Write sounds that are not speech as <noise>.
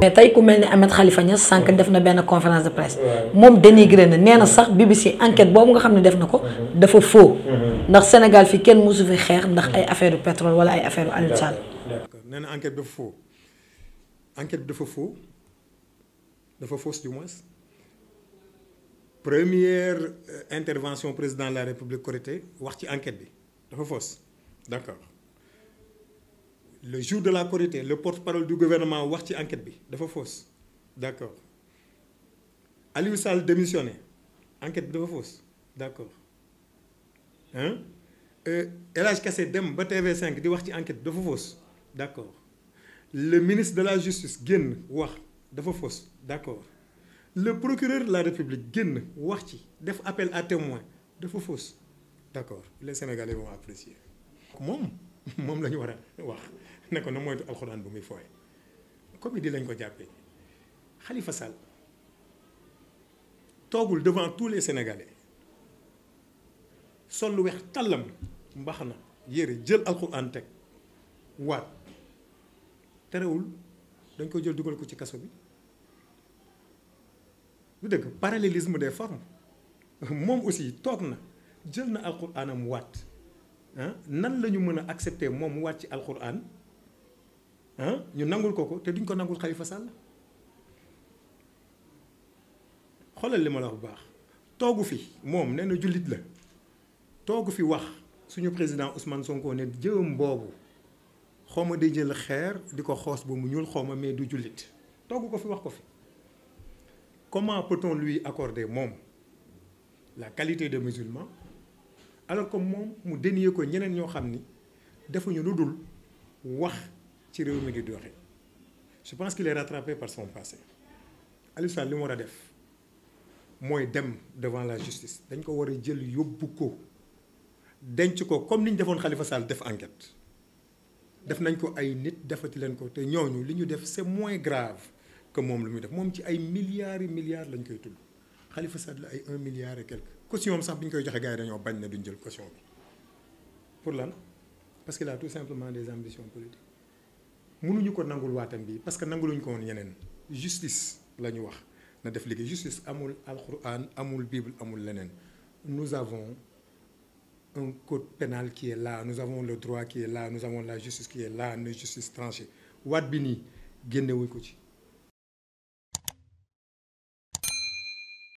mais tey ku mel ni Ahmed xalifa Niass sànq def na benn conférence de presse moom dénigré na nee na sax BBC enquête boobu nga xam ne def na ko mhm. dafa faux mhm. ndax Sénégal fi kenn mosu fi xeex ndax ay mhm. affaire pétrole wala ay affaire Aliou Sall. d'accord nee na enquête dafa faux enquête dafa faux dafa fausse du moins première euh, intervention président de la République Korité wax ci enquête bi. dafa fausse d'accord le jour de la Korité le porte-parole du gouvernement wax ci enquête bi dafa fausse d'accord Aliou Sall démissionné enquête bi dafa fausse d'accord hein euh, El Hadj dem ba TV5 di wax ci enquête dafa fausse d'accord le ministre de la justice génn wax dafa fausse d'accord le procureur de la république génn wax ci def appel à témoin dafa fausse d'accord les Sénégalais vont apprécier moom <laughs> moom la ñu war a wax ne ko na moytu alxuraan bu muy fooye di lañ ko jàppee Khalifa Sall toogul devant tous les Sénégalais sol lu weex tàllam mbax na yére jël alxuraan teg waat terewul dañ ko jël dugal ko ci kaso bi lu dëgg parallélisme des formes moom aussi toog na jël na alxuraanam waat ah nan la ñu mën a accepter moom mu waat ci alxuraan ah ñu nangul ko ko te duñ ko nangul Khalifa Sall xoolal li ma la bu baax toogu fi moom nee na jullit la toogu fi wax suñu président Ousmane Sonko ne jëm boobu xaw ma day jël xeer di ko xoos ba mu ñuul xaw ma mais du jullit toogu ko fi wax ko fi comment peut-on lui accorder moom la qualité de musulman alors comme moom mu dénier ko ñeneen ñoo xam ni defuñu lu dul wax ci réew mi di doxee je pense qu'il est rattrapé par son passé Aliou Sall li mu war a def mooy dem devant la justice dañ ko war a jël yóbbu ko denc ko comme ni ñu defoon Khalifa Sall def enquête def nañ ko ay nit defati leen ko te ñooñu li ñu def c'est moins grave que moom lu muy def moom ci ay milliards et lañ koy tudd Khalifa la ay un milliard et quelque caution am sax bi ñu koy joxe gars yi dañoo bañ na duñ jël caution bi pour lan parce que a tout simplement des ambitions politiques mënuñu ko nangul waatam bi parce que nanguluñ ko woon yeneen justice la ñu wax na def liggéey justice amul alquran amul bible amul leneen nous avons un code pénal qui est là nous avons le droit qui est là nous avons la justice qui est là na justice tranchée waat bi nii génnewuñ ko ci